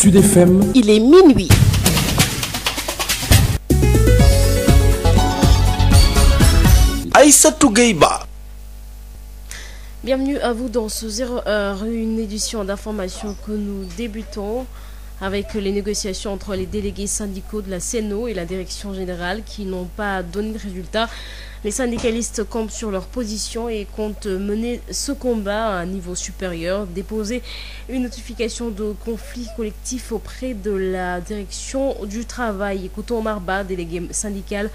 Sud FM. Bienvenue à vous dans ce zéro heure, une édition d'information que nous débutons avec les négociations entre les délégués syndicaux de la CNO et la direction générale qui n'ont pas donné de résultats Les syndicalistes campent sur leur position et comptent mener ce combat à un niveau supérieur, déposer une notification de conflit collectif auprès de la direction du travail. Écoutons Marba, délégué syndical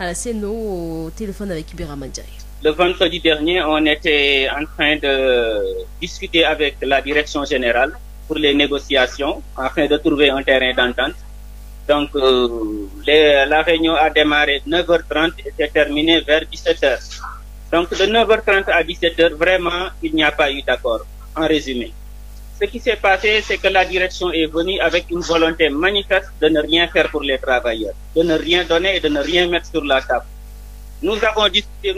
à la CNO, au téléphone avec Birama Ndiaye. Le vendredi dernier, on était en train de discuter avec la direction générale pour les négociations afin de trouver un terrain d'entente. Donc, euh, les, la réunion a démarré 9h30 et s'est Donc, de 9h30 à 17 vraiment, il n'y a pas en résumé. Ce qui s'est passé, c'est que la direction est venue avec une volonté manifeste les travailleurs, de ne rien la table. Nous avons discuté,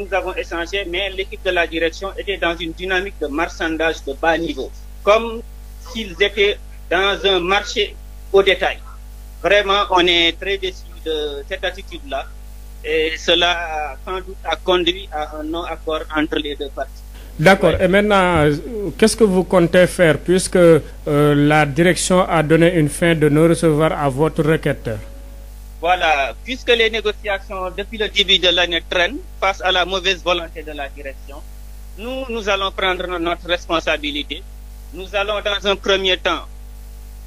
mais la direction était dans une dynamique de marchandage de bas niveau, comme dans un marché au détail. Vraiment, on est très déçu de cette attitude-là. Et cela, sans doute, a conduit à un non-accord entre les deux parties. D'accord. qu'est-ce que vous comptez faire puisque euh, la direction a donné une fin de non-recevoir à votre requête Voilà. Puisque les négociations depuis le début de l'année traînent face à la mauvaise volonté de la direction, nous, nous allons prendre notre responsabilité. Nous allons dans un premier temps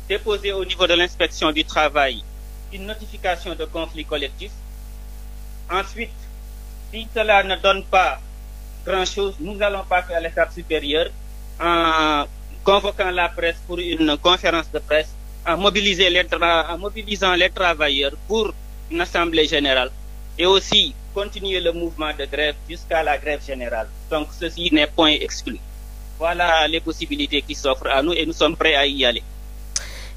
déposer au niveau de l'inspection du travail une notification de conflit collectif. Ensuite, si cela ne donne pas grand-chose, nous allons passer à l'étape supérieure en convoquant la presse pour une conférence de presse, en, mobiliser les en mobilisant les travailleurs pour une assemblée générale et aussi continuer le mouvement de grève jusqu'à la grève générale. Donc ceci n'est point exclu. Voilà les possibilités qui s'offrent à nous et nous sommes prêts à y aller.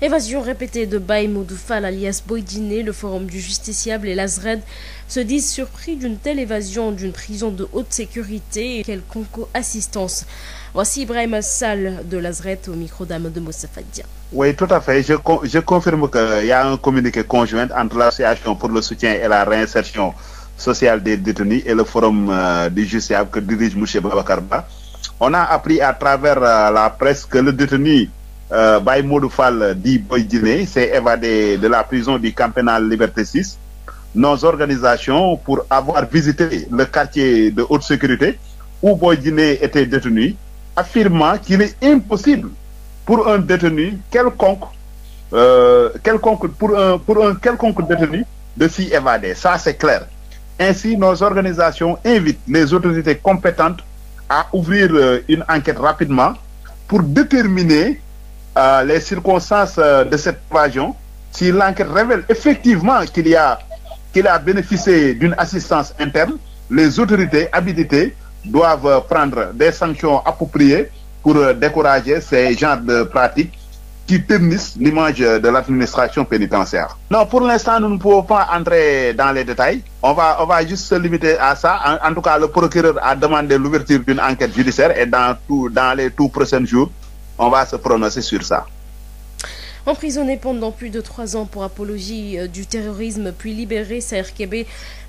Évasion répétée de Baïmoudou Fall alias Boydiné, le forum du justiciable et l'Azred se disent surpris d'une telle évasion d'une prison de haute sécurité et quelle conco-assistance. Voici Ibrahim Sall de l'Azred au micro d'Amadou Moussa Fadia. Oui, tout à fait. Je, je confirme qu'il y a un communiqué conjoint entre l'association pour le soutien et la réinsertion sociale des détenus et le forum euh, du justiciable que dirige M. Babakarba. On a appris à travers euh, la presse le détenu euh, Baye Modou Fall dit Boy Djiné s'est évadé de la prison du camp pénal Liberté 6. Nos organisations, pour avoir visité le quartier de haute sécurité où Boy Djiné était détenu, affirmant qu'il est impossible pour un détenu quelconque, euh, quelconque pour un, pour un quelconque détenu de s'y évader. Ça, c'est clair. Ainsi, nos organisations invitent les autorités compétentes à ouvrir euh, une enquête rapidement pour déterminer euh, les circonstances euh, de cette évasion, si l'enquête révèle effectivement qu'il y a qu'il a bénéficié d'une assistance interne, les autorités habilitées doivent euh, prendre des sanctions appropriées pour euh, décourager ces genres de pratique qui ternissent l'image de l'administration pénitentiaire. Non, pour l'instant, nous ne pouvons pas entrer dans les détails. On va, on va juste se limiter à ça. En, en tout cas, le procureur a demandé l'ouverture d'une enquête judiciaire et dans, on va se prononcer sur ça. Emprisonné pendant plus de trois ans pour apologie euh, du terrorisme puis libéré, Saër Kébé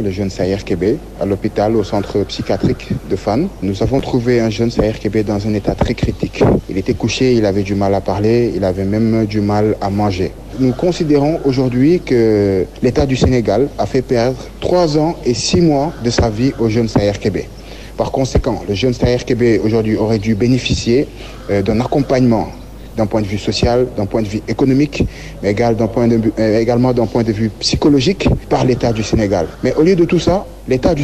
retrouvé le jeune Sayer Kébé à l'hôpital au centre psychiatrique de Fan. Nous avons trouvé un jeune Sayer Kébé dans un état très critique. Il était couché, il avait du mal à parler, il avait même du mal à manger. Nous considérons aujourd'hui que l'État du Sénégal a fait perdre 3 ans et 6 mois de sa vie au jeune Sayer Kébé. Par conséquent, le jeune Sayer Kébé aujourd'hui aurait dû bénéficier euh, d'un accompagnement d'un point de social, d'un point de vue économique, mais d'un point de vue, euh, également de vue psychologique par l'État Sénégal. Mais au lieu de tout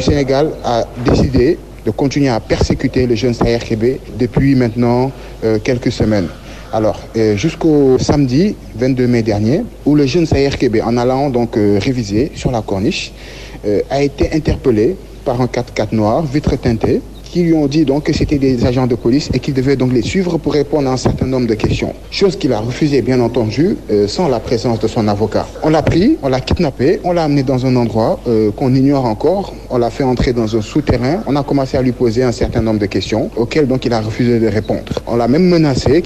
Sénégal a décidé de continuer à persécuter les jeunes depuis maintenant euh, quelques semaines. Alors, euh, jusqu'au samedi 22 mai dernier, où le jeune Saher-Kébé, en allant donc euh, réviser sur la corniche, euh, a été interpellé par un 4x4 noir, qui lui ont dit que c'était des agents de police et qu'il devait les suivre pour répondre à un certain nombre de questions. Chose qu'il a refusée, bien entendu, euh, sans la présence de son avocat. On l'a pris, on l'a kidnappé, on l'a amené dans un endroit euh, qu'on ignore encore. On l'a fait dans un souterrain. On l'a même menacé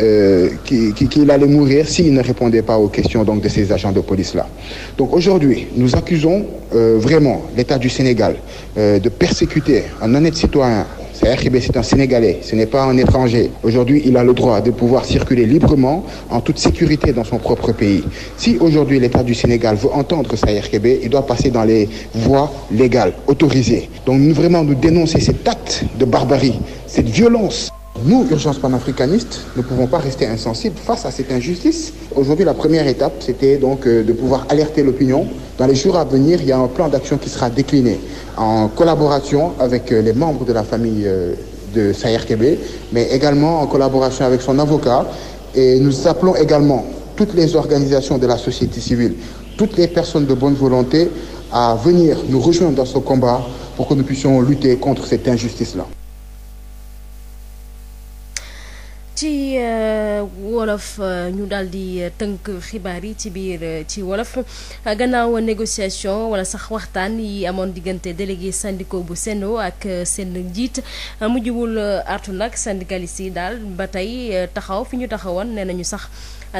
euh, qu'il allait mourir s'il ne répondait pas aux questions de ces agents de police-là. aujourd'hui, nous accusons vraiment l'État du citoyen. Saher c'est un Sénégalais, ce n'est pas un étranger. Aujourd'hui, il a le droit de pouvoir circuler librement, en toute sécurité dans son propre pays. Si aujourd'hui l'État du Sénégal veut entendre Saher il doit passer dans les voies légales, autorisées. Donc nous, vraiment, nous dénoncer cet acte de barbarie, cette violence. Nous, urgence panafricaniste, ne pouvons pas rester insensibles face à cette injustice. Aujourd'hui, la première étape, c'était donc euh, de pouvoir alerter l'opinion. Dans les jours à venir, il y a un plan d'action qui sera décliné en collaboration avec euh, les membres de la famille euh, de Sayer Kébé, mais également en collaboration avec son avocat. Et nous appelons également toutes les organisations de la société civile, toutes les personnes de bonne volonté à venir nous rejoindre ci euh, wolof euh, ñu daal di euh, tënk xibaar yi ci biir ci wolof gannaaw négociation wala sax waxtaan yi amoon diggante délégué syndicaux bu Sen'Eau ak seen njiit mujjuwul artu nag syndicalistes yi daal ba tey taxaw fi ñu taxawoon nee nañu sax.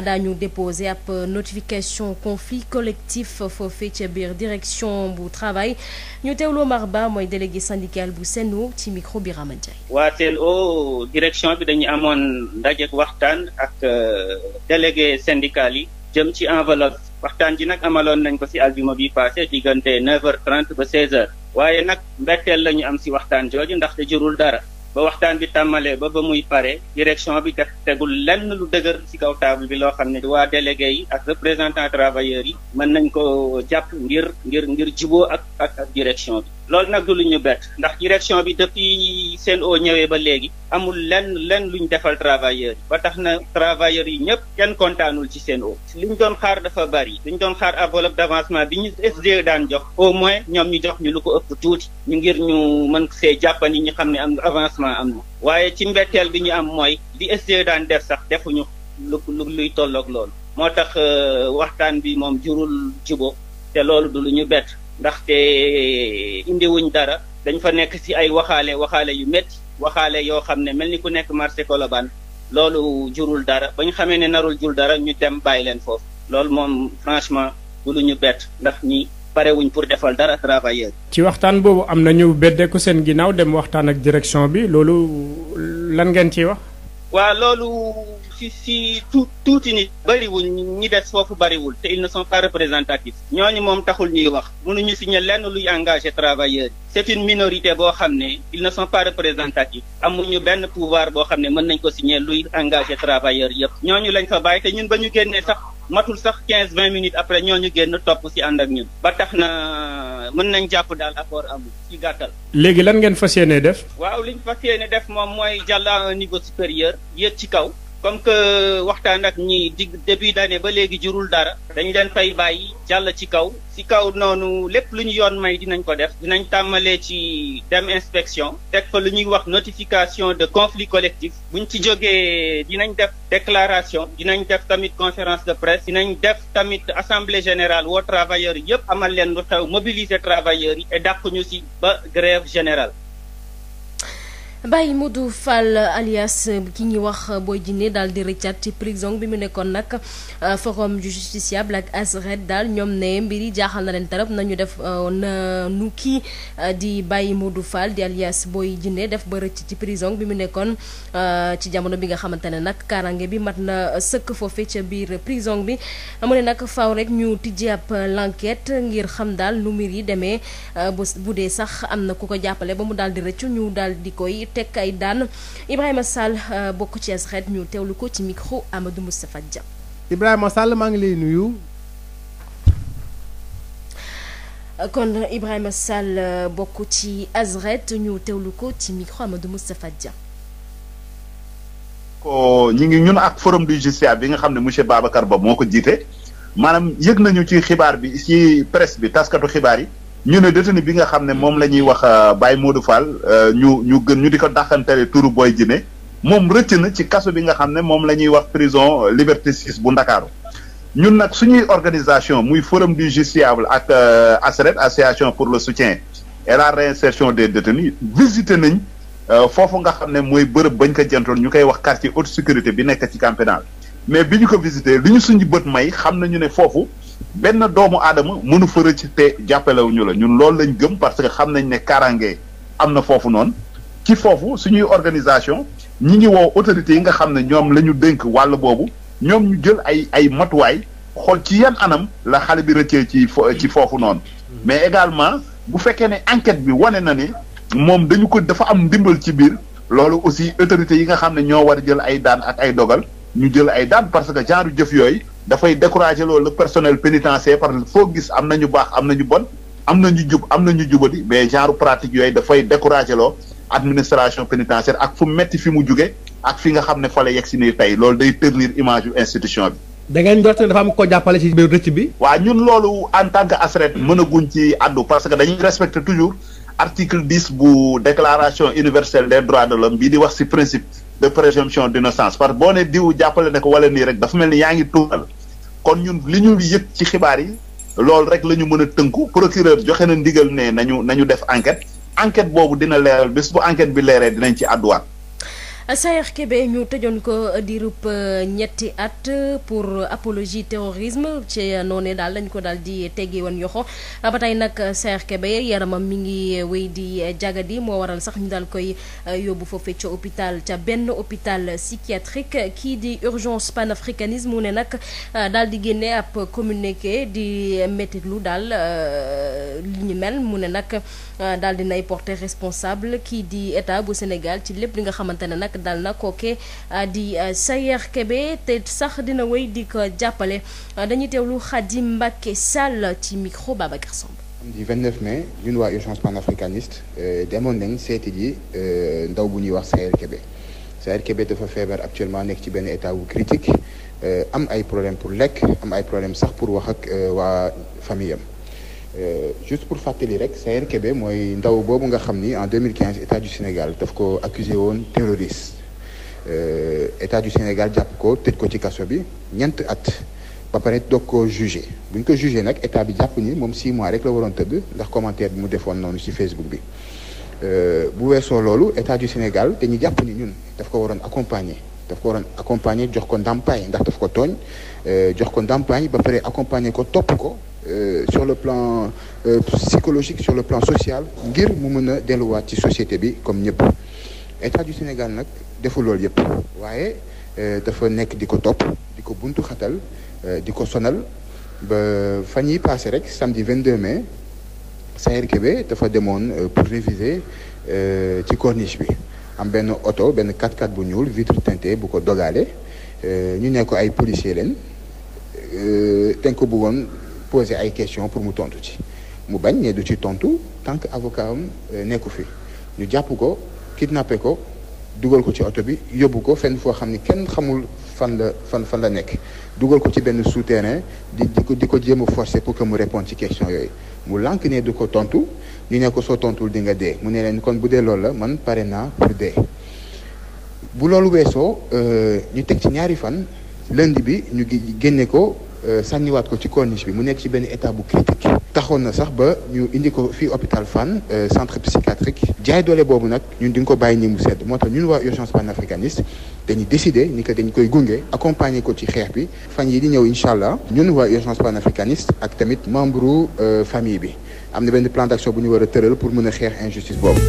daañu déposé ab notification conflit collectif foofee ca biir direction bu travail ñu teewloo Mar Ba mooy délégué syndical bu Sen'Eau ci micro bi Birama Ndiaye. waa Sen'Eau direction bi dañu amoon ndaje waxtaan ak euh, délégué syndical yi jëm ci enveloppe waxtaan ji nag amaloon nañ ko ci aljuma bi passé diggante 9h30 ba 16h waaye nag mbetteel la ñu am ci waxtaan jooju ndaxte jurul dara. ba waxtaan bi tàmmalee ba ba muy pare direction bi def tegul lenn lu dëgër ci kaw table bi loo xam ne waa délégué yi ak représentant travailleurs yi mën nañ ko jàpp ngir ngir ngir juboo ak ak direction bi loolu nag du lu ñu bett ndax direction bi depuis seen o ñëwee ba léegi amul lenn lenn luñ defal travailleurs yi ba tax na travailleurs yi ñëpp kenn kontaanul ci seen o li ñu doon xaar dafa bari li doon xaar volop d'avancement bi ñu SDE daan jox au moins ñoom ñu jox ñu lu ko ëpp tuuti ñu ngir ñu mën see jàppandi ñu xam ne am avancement am na waaye ci mbetteel bi ñu am mooy li SDE daan def sax defuñu lu luy tollook loolu moo tax euh, waxtaan bi moom jurul jubo te loolu du ñu bett ndaxte indiwuñ dara dañ fa nekk ci ay waxaale waxaale yu métti waxaale yoo xam ne mel ni ku nekk marché Colobane loolu jurul dara ba ñu xamee ne narul jur dara ñu dem bàyyi leen foofu loolu moom franchement du lu ñu bett ndax ñi parewuñ pour defal dara travailleur ci waxtaan boobu am na ñu beddeeku seen ginnaaw dem waxtaan ak direction bi loolu lan ngeen ci wax. waa loolu si si tu tuuti nit bëriwul ñi des foofu bariwul te ils ne sont pas représentatifs ñooñu moom taxul ñuy wax mënuñu signé lenn luy engagé travailleurs yi c'est une minorité boo xam ne ils ne sont pas représentatifs amuñu benn pouvoir boo xam ne mën nañ ko signé luy engagé travailleurs yëpp ñooñu lañ fa bàyyi te ñun ba ñu génnee sax matul sax quinze vingt minutes après ñoo ñu génn topp ci ànd ak ñun ba tax na mën nañ jàpp daal accord amul ci gàttal. léegi lan ngeen fas yéene def. waaw liñ fas yéene def moom mooy jàll à un niveau supérieur yéeg ci kaw. comme que waxtaan ak ñi dig début d'année ba léegi jurul dara dañu leen fay bàyyi jàll ci kaw ci kaw noonu lépp lu ñu yoon may dinañ ko def dinañ tàmmalee ci dem inspection teg fa lu ñuy wax notification de conflit collectif ñu ci jógee dinañ def déclaration dinañ def tamit conférence de presse dinañ def tamit assemblée générale woo yi yëpp amal leen lu xew mobiliser travailleurs yi et dàq ñu ci ba grève général Baye Modou Fall alias ki ñuy wax booy Djiné daal di rëccat ci prison bi mu nekkoon nag euh, forum du justiciable ak daal ñoom ne mbir yi jaaxal na leen tarab nañu def euh, na nu kii euh, di Baye Modou Fall di alias Boy Djiné def ba rëcc ci prison bi mu nekkoon ci jamono bi nga xamante ne nag kaaraange bi mat na sëkk foofe ca biir prison bi mu ne nag faw rek ñu tijji ab l'enquête ngir xam daal nu mbir yi demee bu dee sax am na ku ko jàppale ba mu daal di rëccu ñu daal di koy teg ay daan Ibrahima Sall euh, bokk ci SRED ñu tewlu ko ci micro Amadou Moustapha Dia. Ibrahima Sall maa ngi lay nuyu. kon Ibrahima Sall euh, bokk ci ASRED ñu teewlu ko ci micro Amadou Moustapha Dia. ko ñu ngi ñun ak forum du justiciable bi nga xam ne monsieur Babacar Ba moo ko jiite maanaam yëg nañu ci xibaar bi ci presse bi taskatu xibaar yi. ñu ne détenu bi nga xam ne moom la ñuy wax euh, Baye Modou Fall euh, ñu ñu gën ñu di ko dàqantale turu booy Djiné moom rëcc na ci kaso bi nga xam ne moom la ñuy wax prison euh, Liberté 6 bu Ndakaaru ñun nag suñuy organisation muy forum du justiable ak ASRED association pour le soutien et la réinsertion des détenus visité nañ foofu nga xam ne mooy bërëb bañ ko jëntoon ñu koy wax quartier haute sécurité bi nekk ci camp mais bi ñu ko visité li ñu suñu bët may xam nañu ne foofu benn doomu aadama mënu fa rëcc te jàppalewuñu la ñun loolu lañ gëm parce que xam nañ ne kaaraange am na foofu noonu ci foofu suñuy organisation ñi ngi woo autorités yi nga xam ne ñoom la ñu dénk wàll boobu ñoom ñu jël ay ay matuwaay xool ci yan anam la xale bi rëccee ci ci foofu noonu mais également bu fekkee ne enquête bi wane na ne moom dañu ko dafa am ndimbal ci biir loolu aussi autorités yi nga xam ne ñoo war a jël ay daan ak ay dogal ñu jël ay daan parce que genre jëf yooyu dafay décourager loolu le personnel pénitentiaire parce que foo gis am na ñu baax am na ñu bon am na ñu jub am na ñu jubadi mais genre pratique yooyu dafay décourager loo administration pénitentiaire ak fu metti fi mu jóge ak fi nga xam ne fa la yegg si nii tey loolu day ternir image yu institution bi. da ngeen jot ne dafa am ko jàppale si biir rëcc bi. waa ñun loolu en tant que ASRED mënaguñ ci àddu parce que dañuy respecter toujours article dix bu déclaration universelle des droits de l'homme bii di wax si principe. de présomption d'innocence parce que boo ne diw jàppale ne ko wala nii rek dafa mel ni yaa ngi tuumal kon ñu li ñu yëg ci xibaar yi loolu rek la ñu mën a tënku procureur joxe na ndigal ne nañu nañu def enquête enquête boobu dina leeral bés bu enquête bi leeree dinañ ci àdduwaat CRKB ñu tëjoon ko di diirub euh, ñetti at pour apologie terrorisme ci noonu daal lañ ko daal di teggee woon yoxo ba tey nag CRKB yaramam mi ngi wéy di jagadi moo waral sax ñu daal koy euh, yóbbu foofe ca hôpital ca benn hôpital psychiatrique kii di urgence panafricanisme mu ne nag euh, daal di génne ab communiqué di mettitlu daal li ñu mel mu ne nag daal di nay porté responsable kii di état bu Sénégal ci lépp li nga xamante ne nag nag dal na kooke ah, di ah, Sayer Kebe te sax dina wéy di ko jàppale ah, dañuy teewlu Khadim Mbacké Sall ci micro Babacar Samb di 29 mai ñun waa urgence panafricaniste euh, demoon nañ seeti ji euh, ndaw bu ñuy wax Sayer Kebe Sayer Kebe dafa feebar actuellement nekk ci benn état wu critique euh, am ay problème pour lekk am ay problème sax pour wax ak waa famille Euh, juste pour lii rek Sayer Kébé mooy ndaw boobu nga xam ni en 2015 état du Sénégal daf ko accusé woon terroriste euh, état du Sénégal jàpp ko tëj ko ci kaso bi ñeent at ba pare doog ko jugé bu ñu ko jugé nag état bi jàpp ni moom 6 mois rek la waroon tëdd ndax commentaire bi mu defoon noonu ci Facebook bi euh, bu weesoo loolu état du Sénégal te ñu jàpp ni ñun daf ko waroon accompagner daf ko waroon accompagner jox ko ndàmpaay ndax daf ko tooñ jox ko ndàmpaay ba pare accompagner ko topp ko. Euh, sur le plan euh, psychologique sur le plan social ngir mu mën a delluwaat ci société bi comme ñëpp état yu Sénégal nag defu loolu yëpp waaye euh, dafa nekk di ko topp di ko buntu xatal di ko sonal ba fan yi passé rek samedi 22 mai Sayer Kébé dafa demoon pour réviser ci corniche bi am benn oto benn 4 x bu ñuul vitre teintée bu ko dogaale ñu ne ko ay policier leen dañ ko bëggoon poser ay questions pour mu tontu ci mu bañ ne du ci tontu tant que avocat am euh, nekku fi ñu jàpp ko kidnappé ko dugal ko ci oto bi yóbbu ko fenn foo xam ni kenn xamul fan la fan fan la nekk dugal ko ci benn souterrain di di ko di ko jéem a forcer pour que mu répondre ci question yooyu mu lànk ne du ko tontu ñu ne soo tontuwul di nga dee mu ne leen kon bu dee loolu la man pare naa pour dee bu loolu weesoo euh, ñu teg ci ñaari fan lundi bi ñu génne ko Euh, sànniwaat ko ci corniche bi mu nekk ci benn état bu critique taxoon na sax ba ñu indi ko fii hôpital Fann euh, centre psychiatrique jaay doole boobu nag ñun duñ ko bàyyi ni mu sedd moo tax ñun waa urgence panafricaniste dañu décidé ni que dañ koy gunge accompagner ko ci xeex bi fan yi di ñëw incha allah ñun waa urgence panafricaniste ak tamit membre euh, famille bi am na benn plan d'action bu ñu war a tëral pour mën a xeex injustice boobu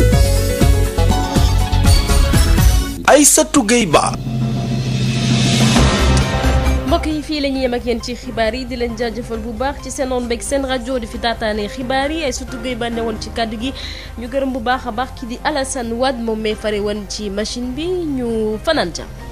bokk yi fii la ñuy yem ak yéen ci xibaar yi di leen jaajëfal bu baax ci seen oon beeg seen rajo di fi taataane xibaar yi ay surtout guy bànne woon ci kàddu gi ñu gërëm bu baax a baax ki di Alassane Wade moom mee fare woon ci machine bi ñu fanaan ca